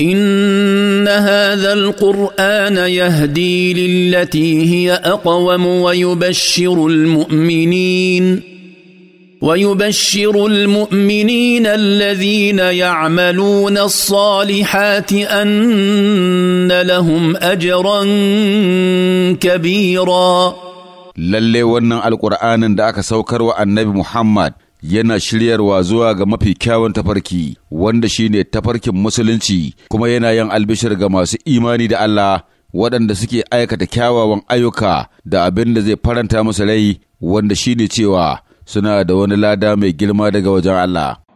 ان هذا القران يهدي للتي هي اقوم ويبشر المؤمنين ويبشر المؤمنين الذين يعملون الصالحات ان لهم اجرا كبيرا للي ون القران da سوكر والنبي محمد yana shiryarwa zuwa ga mafi kyawun tafarki wanda shine tafarkin musulunci kuma yana yin albishir ga masu imani da Allah waɗanda suke aikata kyawawan ayyuka da abin da zai faranta musu rai wanda shine cewa suna da wani lada mai girma daga wajen Allah